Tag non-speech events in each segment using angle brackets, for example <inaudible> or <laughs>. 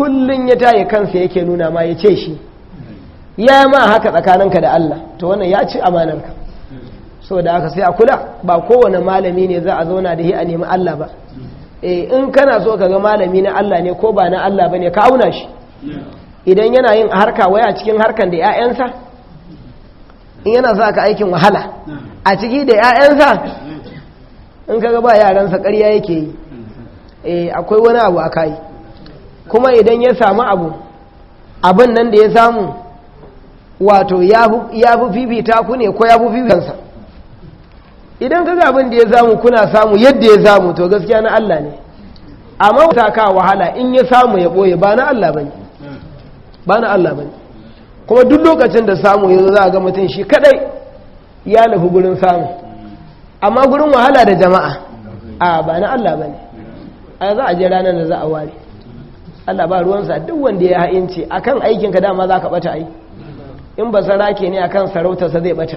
kullum ya taye kansa yake nuna ma ya ce shi ya ma haka tsakaninka da Allah to wannan ya ci amanarka so da aka sai a kula ba kowane malami ne za a zauna da shi a nemi Allah ba e in kana so ka ga malami na Allah ne ko ba na Allah ba ne ka auna shi idan yana yin harka waya cikin harkan da 'ya'yansa in yana sa ka aikin wahala a ciki da 'ya'yansa in ka ga ba yaransa karya yake yi eh, akwai wani abu a kayi kuma idan ya samu abu abin nan da ya samu wato ya fi fifita ku ne ko ya fi fifitansa idan ka abin da ya samu kuna samu yadda ya samu to gaskiya na Allah ne amma wata ka wahala in ya samu ya ɓoye ba na Allah ba ba na Allah ba kuma duk lokacin da samu ya za ga mutum shi kadai ya nufi gurin samu amma gurin wahala da jama'a a ba na Allah ba ne a za a je ranar da za a ware Allah ba ruwansa duk wanda ya ha'inci akan aikinka dama za ka bata ai in ba ke ne akan sarautarsa zai bata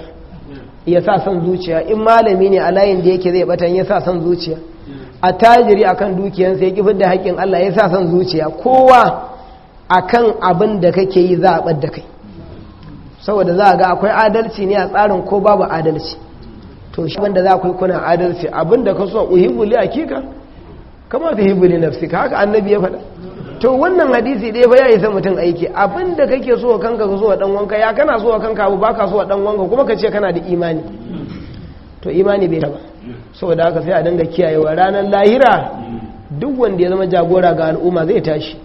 ya sa son zuciya in malami ne a layin da yake zai bata ya sa son zuciya a tajiri akan dukiyarsa ya kifar da haƙƙin Allah ya sa son zuciya kowa akan abin da kake yi za a ɓadda kai saboda za a ga akwai adalci ne a tsarin ko babu adalci to shi wanda za ku yi kuna adalci abin da ka so uhibuli akika kama fi hibuli nafsika haka annabi ya faɗa to wannan hadisi dai ba ya isa mutum aiki abinda kake so wa kanka ka so wa dan wanka ya kana so wa kanka abu baka so wa dan wanka kuma ka ce kana da imani to imani bai taba saboda haka sai a dinga kiyayewa ranar lahira duk wanda ya zama jagora ga al'umma zai tashi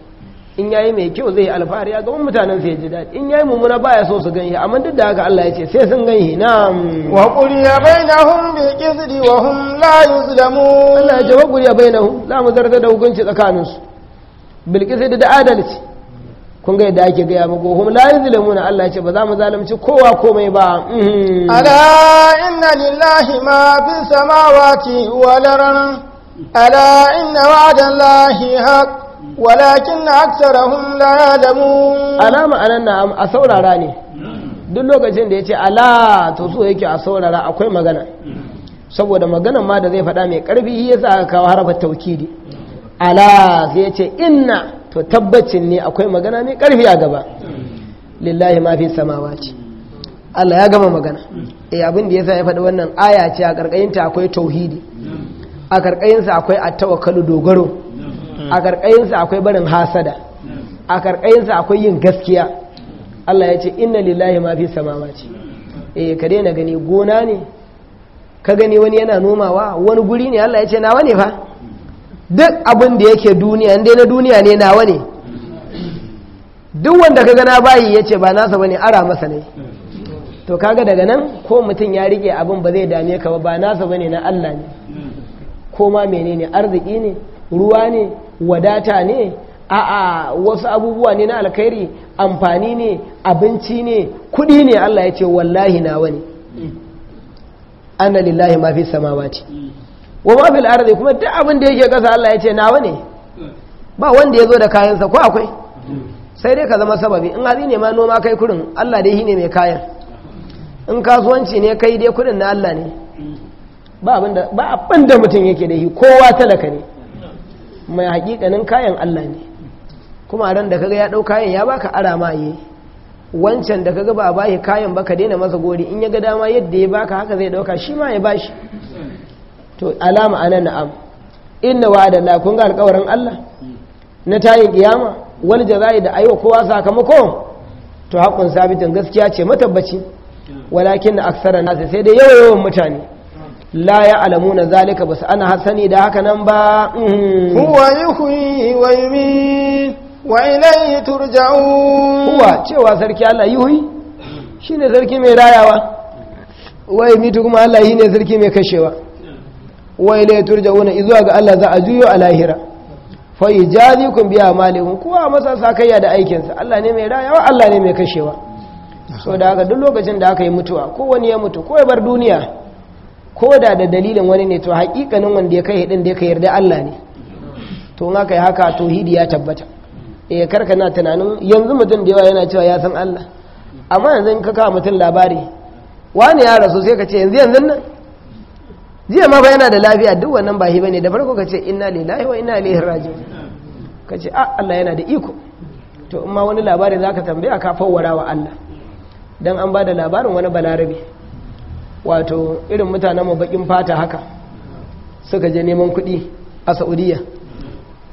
in yayi mai kyau zai alfahari ga wani mutanen sai ji daɗi in yayi mummuna baya so su ganye amma duk da haka Allah ya ce sai sun ganshi na'am wa qul ya bainahum bi qisdi wa hum la yuzlamun Allah ya ce ya bai ya bainahum za mu zarta da hukunci tsakaninsu bilkis da adalci kun ga yadda ake gaya muku hum la yuzlamuna Allah ce ba za mu zalunci kowa komai ba mhm. ala inna lillahi ma fi samawati wal ala inna wa'da haqq walakin aktharuhum la ala ma a saurara ne duk lokacin da yace ala to so yake a saurara akwai magana saboda maganan ma da zai faɗa mai karfi yasa aka kawo harafin taukidi ala sai ya ce inna to tabbacin ne akwai magana mai karfi a gaba lillahi ma fi samawa ce Allah ya gama magana eh abin da yasa ya faɗi wannan aya ce a ta akwai tauhidi a sa akwai attawakkalu dogaro a sa akwai barin hasada a sa akwai yin gaskiya Allah ya ce inna lillahi ma fi ce. eh ka daina gani gona ne ka gani wani yana nomawa wani guri ne Allah ya ce nawa ne fa duk abin da yake duniya inda na duniya ne nawa ne duk wanda ka na bayi ya ce ba nasa bane ara masa ne to kaga daga nan ko mutum ya rike abin ba zai dame ka ba nasa bane na Allah ne ko ma menene arziki ne ruwa ne wadata ne a'a wasu abubuwa ne na alkhairi amfani ne abinci ne kudi ne Allah ya ce wallahi nawa ne an lillahi ma fi samawati wa ma fil ardi kuma duk abin da yake kasa Allah ya ce nawa ne ba wanda ya zo da kayansa ko akwai sai dai ka zama sababi in hatsi ne ma noma kai kurin Allah dai shine mai kayan in kasuwanci ne kai dai kurin na Allah ne ba abin da mutum yake da shi kowa talaka ne mai hakikanin kayan Allah ne kuma ran da kaga ya dau kayan ya baka arama yi wancan da kaga ba a bashi kayan ka daina masa gori in ya ga dama yadda ya baka haka zai dauka shi ma ya bashi to alama ana na'am inna wa'ada la kun ga alƙawarin Allah na tayin kiyama wal jazai da aiwa kowa sakamako to haƙun sabitin gaskiya ce matabbaci walakin na aksara nasu sai dai yawa yawan mutane la ya alamu na zalika ba su ana hasani da haka nan ba mm. huwa yuhi wa yumi wa ilayhi turja'un huwa cewa sarki Allah yuhi shine sarki mai rayawa wa yumi kuma Allah shine sarki mai kashewa wa ilayhi turja'una izuwa ga Allah za a juyo a lahira fa ijazikum biha malikun kowa masa sakayya da aikin sa Allah ne mai rayuwa, Allah ne mai kashewa so da haka duk lokacin da aka yi mutuwa ko wani ya mutu ko ya bar duniya ko da da dalilin wani ne to hakikanin wanda ya kai din da ya kai yarda Allah ne to in aka yi haka tauhidi ya tabbata eh karka na tunanin yanzu mutum da yawa yana cewa ya san Allah amma yanzu in ka kawo mutum labari wani ya rasu sai ka ce yanzu yanzu nan jiya ma fa yana da lafiya duk wannan ba hi bane da farko ka ce inna lillahi wa inna ilaihi raji'un ka ce a ah, Allah yana da iko to in ma wani labari zaka tambaya ka fawwara wa Allah dan an ba da labarin wani balarabi wato irin mutanen mu bakin fata haka suka je neman kuɗi a Saudiya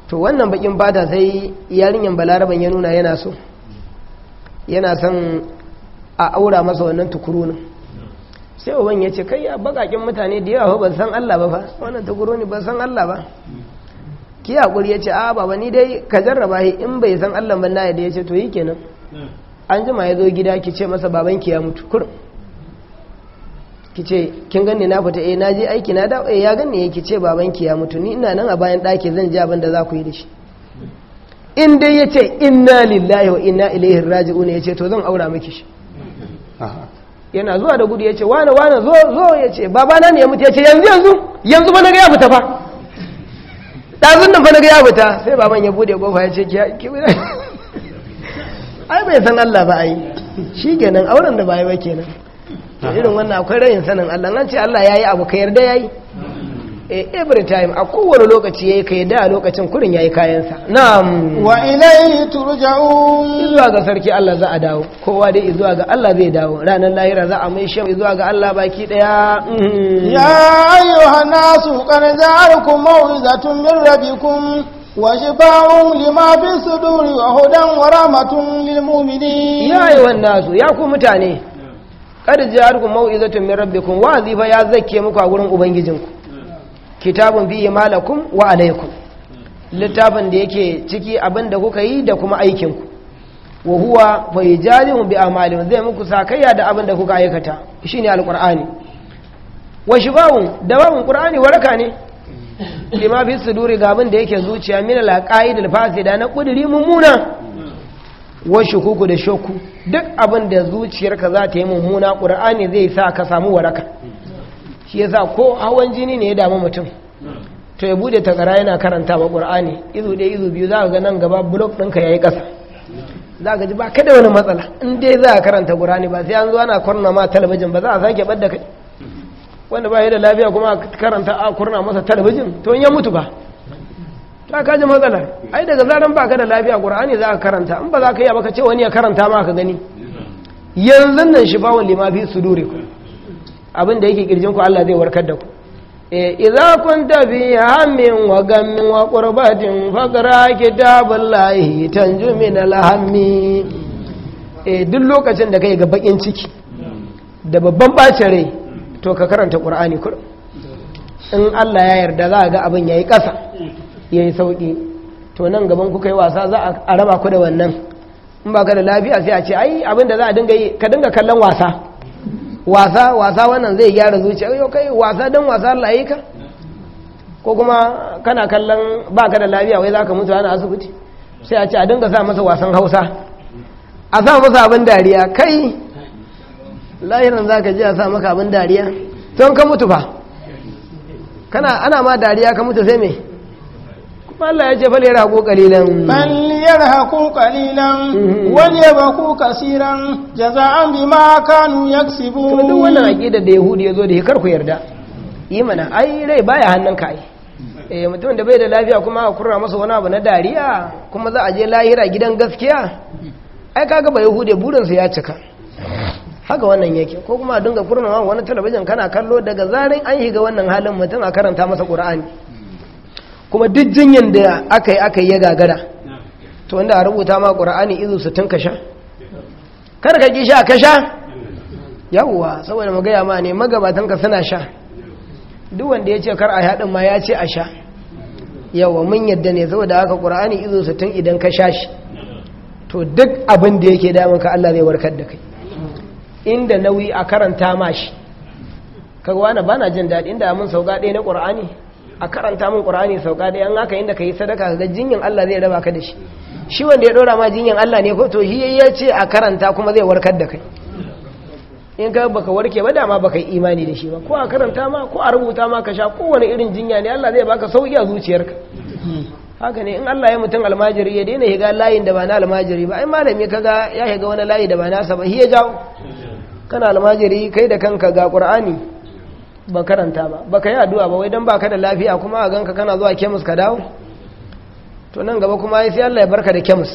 to wannan bakin fata sai yarinyan balaraban ya nuna yana so yana son a aura masa wannan tukurunin sai uban ya ce kai ya bakakin mutane da yawa ba san Allah ba fa wannan ta guro ne ba san Allah ba ki hakuri ya ce a baba ni dai ka jarraba shi in bai san Allah ba na yadda ya ce to yi kenan an jima ya zo gida ki ce masa baban ki ya mutu kur ki ce kin ganni na fita eh na je aiki na da eh ya ganni ki ce baban ki ya mutu ni ina nan a bayan daki zan ji abin da za ku yi da shi in dai ya ce inna lillahi wa inna ilaihi raji'un ya ce to zan aura miki shi yana zuwa da gudu ya ce wane wane zo zo ya ce babana ne ya mutu ya ce yanzu yanzu yanzu ba na ga ya fita fa ɗazun nan ba na ga ya fita sai baban ya bude kofa ya ce ki <laughs> ai bai san Allah ba ai shi kenan auren da ba yi ba kenan irin wannan akwai rayin sanin Allah nan ce Allah ya yi abu ka yarda ya yi Eh, every time a kowane lokaci ya yi kai da lokacin kurin yi kayansa Na. wa ilayhi turja'u. zuwa ga sarki Allah za a dawo kowa dai zuwa ga Allah zai dawo ranar lahira za a mai shi zuwa ga Allah baki daya mm-hmm. ya ayyuha nasu qad za'alukum mawizatun min rabbikum wa shifa'un lima fi suduri wa hudan wa rahmatun lil mu'minin ya ayyuha su ya ku mutane qad za'alukum mawizatun min rabbikum wa zifa ya zake muku a wurin ubangijinku kitabun biyu malakum wa alaikun littafin da yake ciki abin da kuka yi da kuma aikinku wa huwa bai mu bi amalin zai muku sa kaiya da abin da kuka aikata shi ne alƙur'ani wa bawun dawawun ƙur'ani waraka ne lima fi duri ga abin yake zuciya min alaqaid da na ƙudiri mummuna wa kuku da shakku duk abin da zuciyarka za ta yi mummuna ƙur'ani zai sa ka samu waraka shi yasa ko hawan jini ne ya damu mutum to ya bude takara yana karanta ba qur'ani izu ɗaya izu biyu za ga nan gaba blok ɗinka yayi ƙasa za ka ji ba kada wani matsala in dai za a karanta qur'ani ba sai an zo ana kwarna ma talabijin ba za a sake bar da kai wanda ba ya da lafiya kuma karanta a kurna masa talabijin to in ya mutu ba ta kaji matsala ai daga zaran ba ka da lafiya qur'ani za ka karanta in ba za ka yi ba ka ce wani ya karanta ma ka gani yanzu nan shifawun lima fi sudurikum abin da yake kirjin ku Allah zai warkar da ku eh, idza kunta bi hammin wa gammin wa qurbatin faqra kitaballahi tanju min alhammi eh, duk lokacin da kai ga bakin ciki da babban bacin rai to ka karanta qur'ani kur in Allah ya yarda za ga abin yayi kasa yayi sauki to nan gaban ku kai wasa za a raba ku da wannan in ba da lafiya sai a ce ai abin da za a dinga yi ka dinga kallon wasa wasa wasa wannan zai gyara zuciya yau kai wasa don wasa la'ika ko kuma kana kallon baka da lafiya wai za ka mutu ana asibiti sai a ce a dinga sa masa wasan Hausa a sa masa abin dariya kai za ka ji a sa maka abin dariya tun ka mutu ba ana ma dariya ka mutu sai me Allah ya ce fal yarhaqu kalilan, fal yarhaqu qalilan wal yabqu kaseeran jazaan bima kanu yaksibun duk wannan aqida da yahudi yazo da kar ku yarda yi mana ai rai baya ka ai eh mutum da bai da lafiya kuma a kurra masa wani abu na dariya kuma za a je lahira gidan gaskiya ai kaga ba ya burinsa ya cika haka wannan yake ko kuma a dinga kurna wani talabijin kana kallo daga zarin an shiga wannan halin mutum a karanta masa qur'ani kuma duk jinyan da aka yi aka yi ya gagara to wanda a rubuta ma ƙura'ani izu su ka sha kar ka ƙi sha ka sha saboda magaya ma ne magabatan ka suna sha duk wanda ya ce kar a haɗin ma ya ce a sha yawa mun yadda ne saboda haka ƙura'ani su tun idan ka sha shi to duk abin da yake damun ka Allah zai warkar da kai inda nauyi a karanta ma shi kaga wani ba na jin daɗi inda mun sauka ɗaya na ƙura'ani a karanta min qur'ani sauka da yan haka inda kai sadaka ga jinyan Allah zai raba ka da shi shi wanda ya dora ma jinyan Allah ne ko to shi ya ce a karanta kuma zai warkar da kai in ka baka warke ba dama baka yi imani da shi ba ko a karanta ma ko a rubuta ma ka sha kowane irin jinya ne Allah zai baka sauki a zuciyarka haka ne in Allah ya mutum almajiri ya daina higa layin da ba na almajiri ba ai malami kaga ya higa wani layi da ba nasa ba ya jawo kana almajiri kai da kanka ga qur'ani ba karanta ba ba ka yi addu'a ba wai don ba ka da lafiya kuma a ganka kana zuwa kemis ka dawo to nan gaba kuma ya sai Allah ya barka da kemis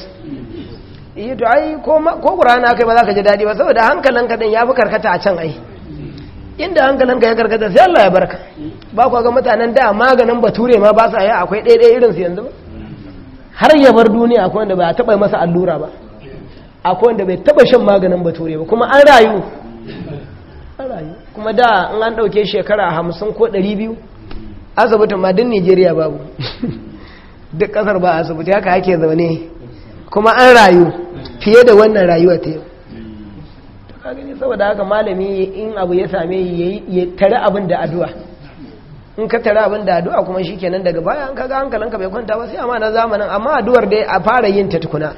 iya eh, to ai ko ƙurana kai ba za ka ji daɗi ba saboda hankalinka ɗin ya fi karkata a can ai inda hankalinka ya karkata sai Allah ya barka ba ku ga mutanen da maganin bature ma ba sa yi akwai ɗaiɗai su yanzu ba har ya bar duniya akwai wanda bai taɓa masa allura ba akwai wanda bai taɓa shan maganin bature ba kuma an rayu rayu kuma da in an ɗauke shekara hamsin ko ɗari biyu azabutun ma duk nigeria babu <laughs> duk ƙasar ba asibiti haka ake zaune kuma an rayu fiye da wannan rayuwa ta yau gani saboda haka malami in abu ya same ya tare abin da addu'a in ka tare abin da addu'a kuma shi kenan daga baya an kaga hankalinka bai kwanta ba sai amma na zamanin amma addu'ar dai a fara yin ta tukuna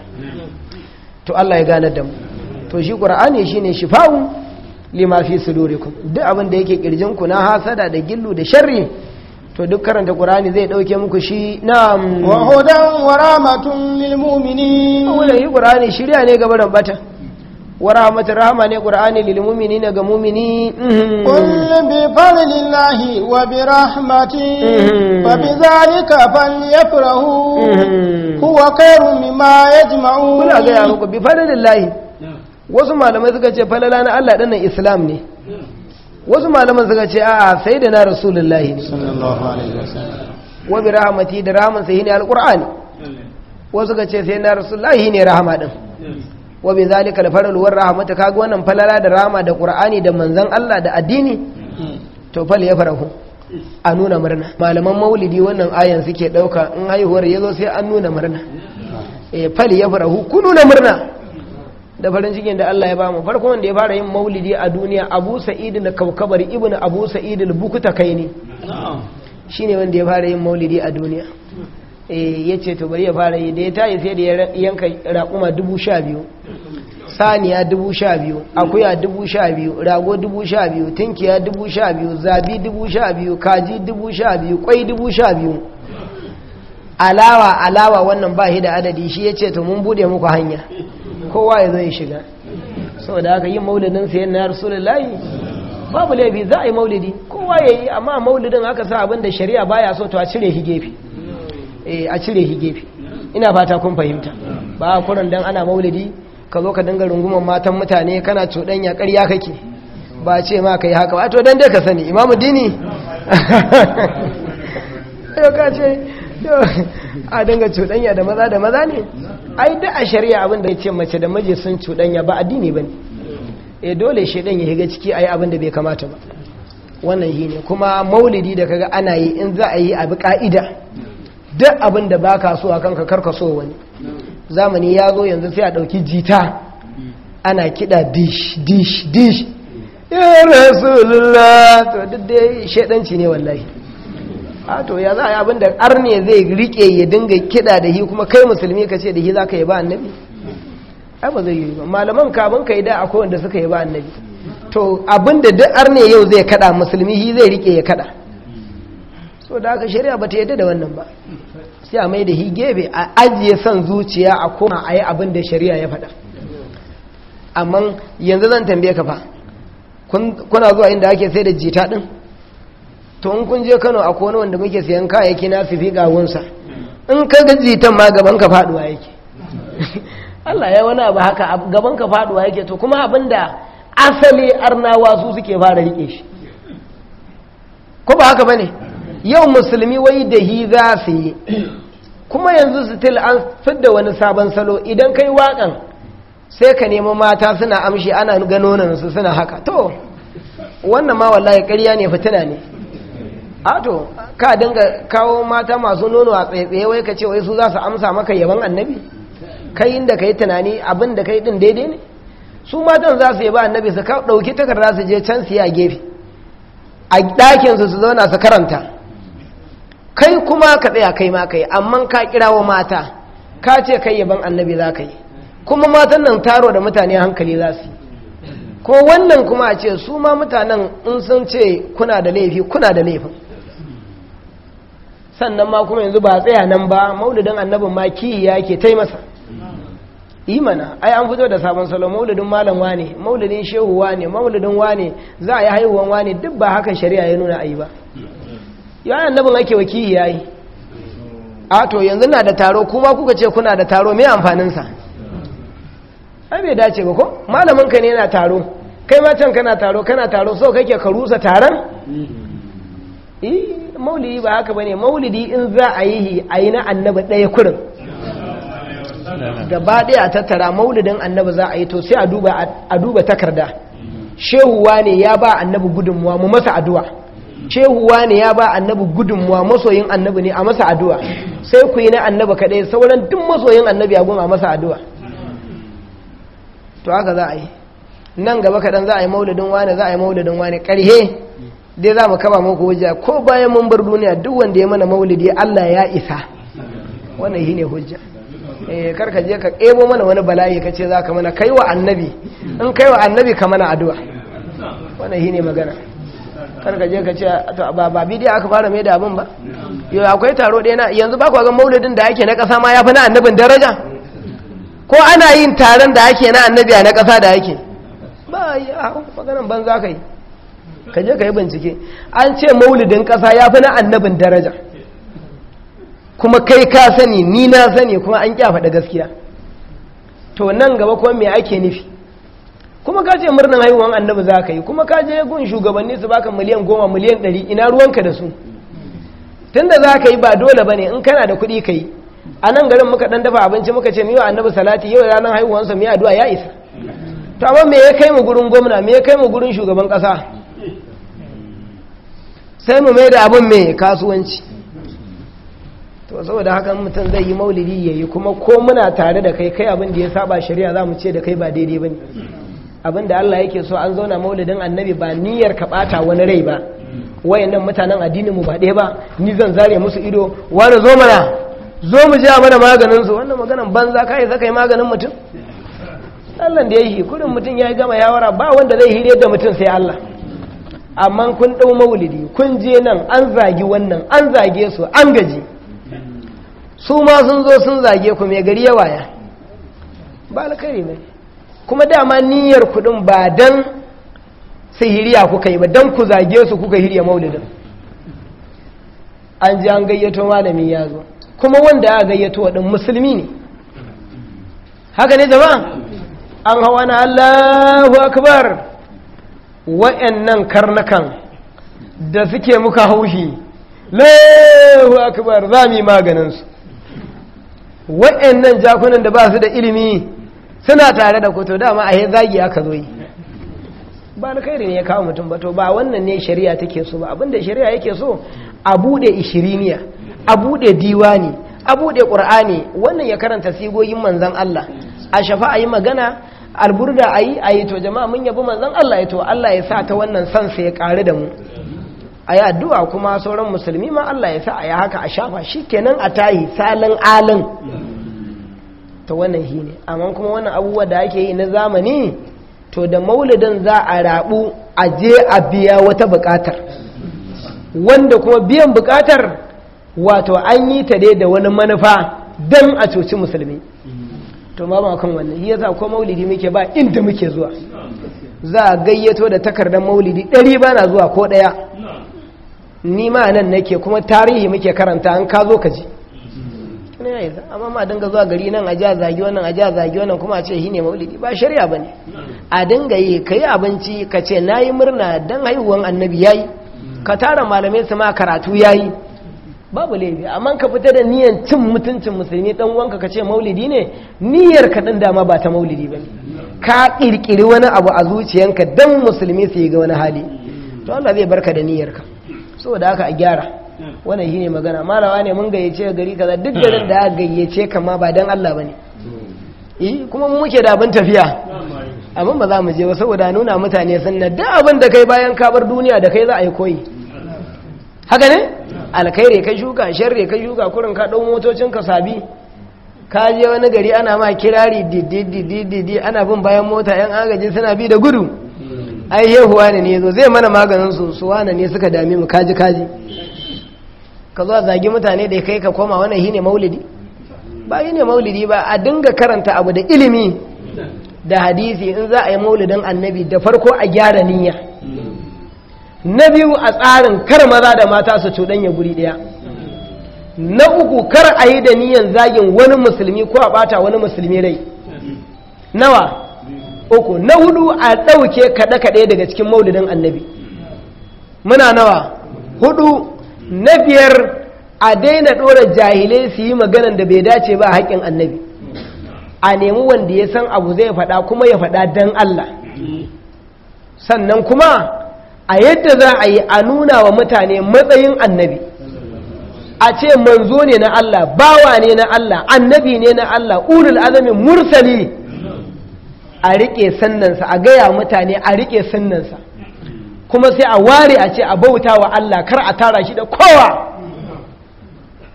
to Allah ya gane da mu to shi qur'ani shine shifa'u lima fi sudurikum duk abin da yake kirjin ku na hasada da gillu da sharri to duk karanta qur'ani zai dauke muku shi na'am wa hudan wa rahmatun lil mu'minin yi qur'ani shirya ne ga baran bata wa rahmatun rahma ne qur'ani lil mu'minina ga mu'mini mhm. qul bi fadlillahi wa bi rahmati mhm. fa bi zalika falyafrahu mhm. huwa khairun mimma yajma'un kula ga ku bi fadlillahi wasu malamai suka ce falala na Allah ɗannan islam ne wasu malaman suka ce a'a sai da na rasulullahi ne wa bi rahmati da rahman sai ne alqur'ani wasu suka ce sai na rasulullahi ne rahama din wa bi zalika al faral war rahmata kaga wannan falala da rahama da qur'ani da manzon Allah da addini to fal ya farahu a nuna murna malaman maulidi wannan ayan suke dauka in haihuwar yazo sai an nuna murna eh fal ya farahu ku nuna murna da farin cikin da Allah ya bamu farko wanda ya fara yin maulidi a duniya abu sa'id na kaukabar ibn abu sa'id al-bukuta kai ne shine wanda ya fara yin maulidi a duniya eh yace to bari ya fara yi da ya tayi sai da yanka raƙuma biyu saniya biyu akuya biyu rago 12 tinkiya biyu zabi biyu kaji biyu kwai biyu alawa alawa wannan ba shi da adadi shi ya ce to mun bude muku hanya kowa ya zai shiga saboda aka yi maulidin sayan na rasulullahi babu laifi za a yi maulidi kowa ya yi amma maulidin aka sa abin da shari'a baya so to a cire shi gefe eh, a cire shi gefe ina fata kun fahimta ba a kuran dan ana maulidi ka zo ka dinga runguman matan mutane kana cuɗanya ƙarya kake ba ce ma ka yi haka ba to dan dai ka sani imamu dini <laughs> a dinga cuɗanya da maza da maza ne ai da a shari'a abin da ya ce mace da maje sun cuɗanya ba addini ba ne e dole shaidan ya higa ciki ayi abin da bai kamata ba wannan yi ne kuma maulidi da kaga ana yi in za a yi abu ka'ida duk abin da baka so a kanka karka so wani zamani ya zo yanzu sai a ɗauki jita ana kiɗa dish dish dish ya rasulullah to duk dai shaidanci ne wallahi a to ya za a yi abin da arne zai rike ya dinga kiɗa da hi kuma kai musulmi ka ce da hi za ka yi ba annabi ai ba zai yi ba malaman kamun ka yi da akwai wanda suka yi ba annabi to abin da duk arne yau zai kada musulmi hi zai rike ya kaɗa so da aka shari'a ba ta yadda da wannan ba sai a mai da hi gefe a ajiye son zuciya a koma a yi abin da shari'a ya faɗa amma yanzu zan tambaye ka fa kuna zuwa inda ake sai da jita ɗin to in kun je kano akwai wani wanda muke sayan kayayyaki na su fi gawunsa in ka gaji tan ma gaban ka faduwa yake <laughs> Allah ya wani abu haka gaban ka faduwa yake to kuma abinda asali arnawa su suke fara rike shi ko ba haka bane yau musulmi wai da hi za su yi kuma yanzu til an fidda wani sabon salo idan kai wakan sai ka nemi mata suna amshi ana ganonansu suna haka to wannan ma wallahi ƙarya ne fitina ne ato ka dinga kawo mata masu nono a tsaye wai ka ce wai su za su amsa maka yaban annabi kai inda ka yi tunani abinda da ka yi din daidai ne su matan za su yaba annabi su ɗauki takarda su je can su yi a gefe a ɗakinsu su zauna su karanta kai kuma ka tsaya kai ma kai amma ka wa mata ka ce kai yaban annabi za ka yi kuma matan nan taro da mutane hankali za su yi ko wannan kuma a ce su ma mutanen in sun ce kuna da laifi kuna da laifin sannan ma kuma yanzu ba tsaya nan ba maulidin annabin ma ki ke taimasa masa imana ai an fito da sabon salo maulidin malam wane maulidin shehu wane maulidin wane za a yi haihuwan wane duk ba hakan shari'a ya nuna ayi ba ya annabin ake wa ki yi. a to yanzu na da taro kuma kuka ce kuna da taro mai amfaninsa sa ai bai dace ba ko malamin ka ne na taro kai ma can kana taro kana taro so kake ka rusa taron maulidi ba haka bane maulidi in za a yi a yi na annaba ɗaya kurin gaba ɗaya a tattara maulidin annaba za a yi to sai a duba takarda shehuwa ne ya ba annabi gudunmuwa mu masa addu'a shehuwa ne ya ba annabi gudunmuwa masoyin annabi ne a masa addu'a sai ku yi na annaba kaɗai sauran duk masoyin annabi ya goma masa addu'a to haka za a yi nan gaba kaɗan za a yi maulidin wane za a yi maulidin wane ƙarhe dai za mu kama muku hujja ko bayan mun bar duniya duk wanda ya mana maulidi Allah ya isa wannan ne hujja eh karka je ka ebo mana wani bala'i ka ce za ka mana kai wa annabi in kai wa annabi ka mana addu'a wannan ne magana karka je ka ce to ba ba bidiya aka fara mai da abin ba yo akwai taro ɗaya na yanzu ba ku ga maulidin da ake na ƙasa ma ya fi na annabin daraja ko ana yin taron da ake na annabi a na ƙasa da ake ba yi a maganan ban za ka yi ka je ka yi bincike an ce maulidin ƙasa ya fi na annabin daraja kuma kai ka sani ni na sani kuma an kya faɗa gaskiya to nan gaba kuma me ake nufi kuma ka ce murnan haihuwan annabi za ka yi kuma ka je gun shugabanni su baka miliyan goma miliyan ɗari ina ruwanka da su tun da za ka yi ba dole ba ne in kana da kuɗi ka yi a nan garin muka ɗan dafa abinci muka ce miwa annabi salati yau ranar haihuwansa miya addu'a ya isa to amma me ya kai mu gurin gwamna me ya kai mu gurin shugaban ƙasa sai mu mai da abin mai kasuwanci to saboda haka mutum zai yi maulidi ya yi kuma ko muna tare da kai kai abin da ya saba shari'a za mu ce da kai ba daidai ba ne abin da Allah yake so an zauna maulidin annabi ba niyyar ka bata wani rai ba wayannan mutanen addinin mu ba ɗaya ba ni zan zare musu ido wani zo mana zo mu ji mana maganin su wannan maganan banza kai zakai maganin mutum Allah da ya yi kudin mutum ya gama yawara ba wanda zai hire da mutum sai Allah amma kun ɗau maulidi kun je nan an zagi wannan an zage su an gaji su ma sun zo sun zage ku mai gari ya ba alkhairi ne kuma dama niyyar kuɗin ba dan hiriya kuka yi ba dan ku zage su kuka hirya maulidin an ji an gayyato malami ya zo kuma wanda ya gayyato waɗin musulmi ne haka ne jama'a an hawa na allahu akbar wayannan karnakan da suke muka haushi lahu akbar za mu yi maganinsu wayannan jakunan da ba su da ilimi suna tare da kuto dama a yi zagi aka zo yi ba na kai ne ya kawo mutum ba to ba wannan ne shari'a take so ba abinda shari'a yake so a bude ishiriniya a bude diwani a bude ƙur'ani wannan ya karanta sigogin manzan Allah a shafa a yi magana alburda ayi ayi to jama'a mun yabi manzon Allah ya to Allah ya sa ta wannan san sai ya kare da mu ayi addu'a kuma sauran musulmi ma Allah ya sa ayi haka a shafa shikenan a tayi salin alin to wannan shi amma kuma wannan abubuwa da ake yi na zamani to da maulidin za a rabu a je a biya wata bukatar wanda kuma biyan bukatar wato an yi ta dai da wani manufa dan a coci musulmi to ma ba kan wannan shi yasa ko maulidi muke ba inda muke zuwa za a gayyato da takardar maulidi ɗari ba na zuwa ko ɗaya ni ma nan nake kuma tarihi muke karanta an ka zo ka ji amma ma dinga zuwa gari nan a a zagi wannan a a zagi wannan kuma a ce shi ne maulidi ba shari'a ba ne a dinga yi ka yi abinci ka ce na yi murna don haihuwan annabi ya yi ka tara malamai su ma karatu ya yi babu laifi amma ka fita da niyan cin mutuncin musulmi dan wanka ka ce maulidi ne niyyar ka din dama ba ta maulidi ba ka kirkiri wani abu a zuciyanka dan musulmi su yi ga wani hali to Allah zai barka da niyyar ka saboda haka a gyara wannan shine magana malawa ne mun gayyace gari kaza duk da da aka gayyace ka ma ba dan Allah bane eh kuma mu muke da abin tafiya abin ba za mu je ba saboda nuna mutane sunna da abin da kai bayan ka bar duniya da kai za a yi koyi haka ne alkhairi ka shuka sharri ka shuka kurin ka ɗau motocin ka sabi ka je wani gari ana ma kirari dididididi ana bin bayan mota yan agaji suna bi da gudu ai yehuwa ne ne zai mana maganin su su na ne suka dami mu kaji kaji ka zo zagi mutane da kai ka koma wannan hine maulidi ba hine maulidi ba a dinga karanta abu da ilimi da hadisi in za a yi maulidin annabi da farko a gyara niyya na biyu a tsarin kar maza da mata su cuɗanya guri ɗaya na uku kar a yi da niyan zagin wani musulmi ko a ɓata wani musulmi rai nawa uku na hudu a ɗauke kaɗe-kaɗe daga cikin maulidin annabi muna nawa hudu na biyar a daina ɗora jahilai su yi maganan da bai dace ba haƙƙin annabi a nemi wanda ya san abu zai faɗa kuma ya faɗa don Allah sannan kuma a yadda za a yi a nuna wa mutane matsayin annabi a ce manzo ne na Allah bawa ne na Allah annabi ne na Allah ulul azami mursali a riƙe sannansa, a gaya mutane a riƙe sannansa. kuma sai a ware a ce a bauta wa Allah kar a tara shi da kowa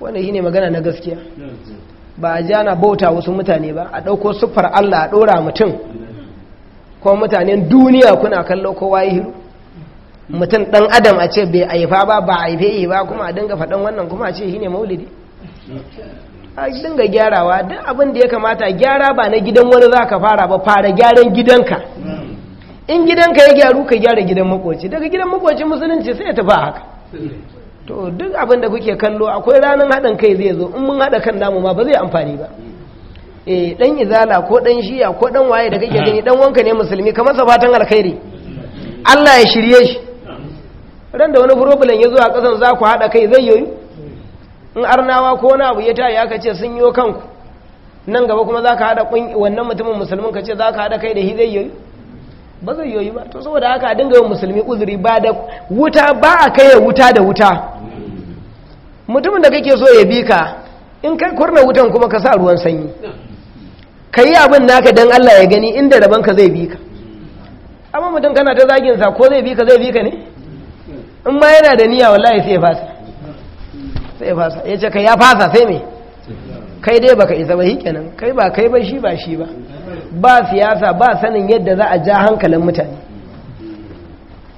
wanda shine magana na gaskiya ba a jana bauta wasu mutane ba a ɗauko siffar Allah a ɗora mutum kuma mutanen duniya kuna kallo kowa yi hiru mutum ɗan adam a ce bai haifa ba ba haife yi ba kuma a dinga faɗan wannan kuma a ce shi ne maulidi a dinga gyarawa duk abin da ya kamata gyara ba na gidan wani za ka fara ba fara gyaran gidanka in gidanka ya gyaru ka gyara gidan makoci daga gidan makoci musulunci sai ya tafi haka to duk abin da kuke kallo akwai ranar haɗin kai zai zo in mun haɗa kan namu ma ba zai amfani ba e eh, dan izala ko dan shiya ko dan waye da kake gani dan wanka ne musulmi kamar sa fatan alkhairi Allah ya shirye shi ran da wani problem ya zo a ƙasan za ku haɗa kai zai yoyu in arnawa ko wani abu ya tayi aka ce sun yi kanku nan gaba kuma za ka haɗa wannan mutumin musulmin ka ce za ka haɗa kai da shi zai yoyu ba zai yoyu ba to saboda haka a dinga yin musulmi uzuri ba da wuta ba a kai wuta da wuta mutumin da kake so ya bi ka in kai kurna wutan kuma ka sa ruwan sanyi ka yi abin naka don Allah ya gani inda daban ka zai bi ka amma mutum kana ta zagin sa ko zai bi ka zai bi ka ne in ma yana da niyya wallahi sai ya fasa sai ya fasa ya ce kai ya fasa sai me kai dai baka isa ba kenan kai ba kai ba shi ba shi ba ba siyasa ba sanin yadda za a ja hankalin mutane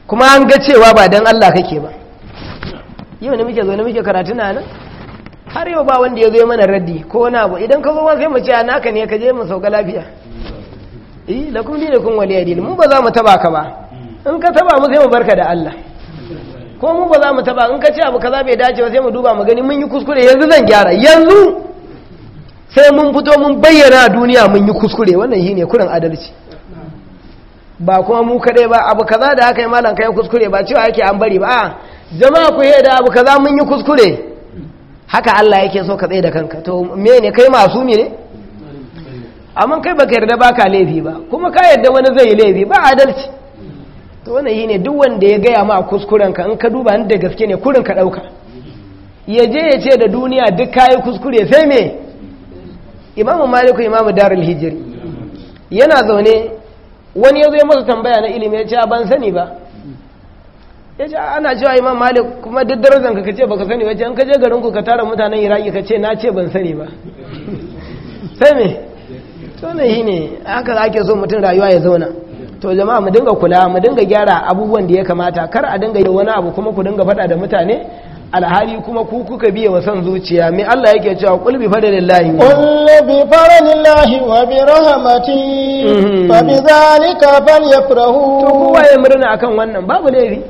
kuma an ga cewa ba dan Allah kake ba yau ne muke zo ne muke karatu na nan har yau ba wanda ya zo mana raddi ko wani abu idan ka zo ma sai mu ce naka ne ka je mu sauka lafiya eh lakum dinakum waliyadin mu ba za mu taba ka ba in ka taba mu sai mu barka da Allah ko mu ba za mu taba in ka ce abu kaza bai dace ba sai mu duba mu gani mun yi kuskure yanzu zan gyara yanzu sai mun fito mun bayyana duniya mun yi kuskure wannan shine kurin adalci ba kuma mu kadai ba abu kaza da haka malam kai kuskure ba cewa yake an bari ba a jama'a ku da abu kaza mun yi kuskure haka Allah yake so ka tsaye da kanka to me ne kai masumi ne amma kai baka yarda baka laifi ba kuma ka yarda wani zai yi laifi ba adalci to wannan ne duk wanda ya gaya ma kuskuren ka in ka duba ni da gaske ne kurin ka ɗauka ya je ya ce da duniya duk kayi kuskure sai me imamu maliku imamu darul hijiri yana zaune wani ya zo ya masa tambaya na ilimi ya ce a ban sani ba ya ce ana cewa imam malik kuma duk darajar ka ce baka sani ba ce an ka je garin ku ka tara mutanen iraki ka ce na ce ban sani ba <laughs> sai me to ne shine haka ake so mutum rayuwa ya zauna to jama'a mu dinga kula mu dinga gyara abubuwan da ya kamata kar a dinga yi wani abu kuma ku dinga faɗa da mutane alhali kuma ku kuka biya wa san zuciya mai Allah yake cewa kul bi fadlillahi qul bi fadlillahi wa bi rahmati mhm. fa bi zalika falyafrahu to kowa ya murna akan wannan babu laifi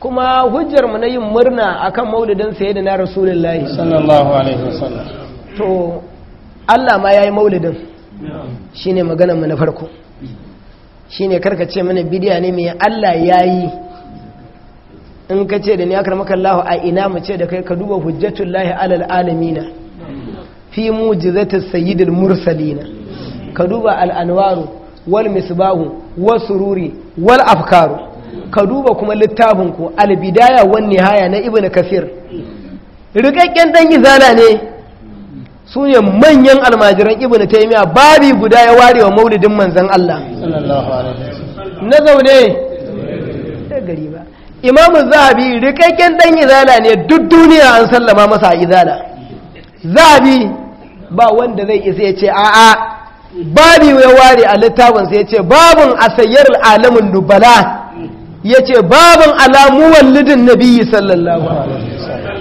kuma hujjar mu na yin murna akan maulidin sayyidina rasulullahi sallallahu alaihi wasallam to Allah ma yayi maulidin shine magana mu na farko shine karka ce mana bidiya ne mai Allah yayi in ka ce da ni akar maka Allah a ina mu ce da kai ka duba hujjatullahi alal alamina fi mujizati sayyidil mursalina ka duba al anwaru wal misbahu wal sururi wal afkaru ka duba kuma littafin ku al bidaya wan nihaya na ibnu kasir rikakken dan izala ne su ne manyan almajiran ibn taimiyya babi guda ya ware wa maulidin manzan Allah na zaune gari ba imamu zabi rikakken dan izala ne duk duniya an sallama masa a izala zabi ba wanda zai isa ya ce a'a babi ya ware a littafinsa ya ce babin a sayar alamun dubala ya ce babin alamuwan lidin nabi sallallahu alaihi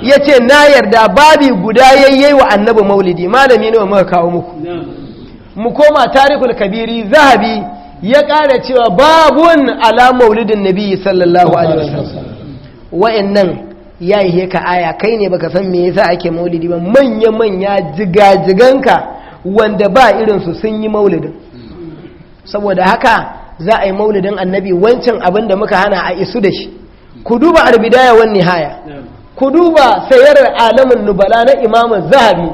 ya ce na yarda babi guda yayyai wa annabi maulidi malami nawa muka kawo muku mu koma tarikul kabiri zahabi ya kara cewa babun ala maulidin nabi sallallahu alaihi wasallam ya yi ka aya kai ne baka san me yasa ake maulidi ba manya manya jigajiganka wanda ba irin su sun yi maulidin saboda haka za a yi maulidin annabi wancan abin da muka hana a isu da shi ku duba albidaya wan nihaya ku duba sayarar alamin nubala na imam zahabi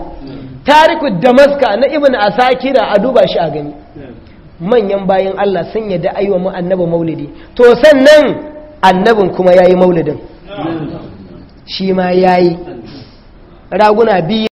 tariku damaska na ibn asakira a duba shi a gani manyan bayan Allah sun yadda aiwa mu annabi maulidi to sannan annabin kuma yayi maulidin shi ma yayi raguna biyu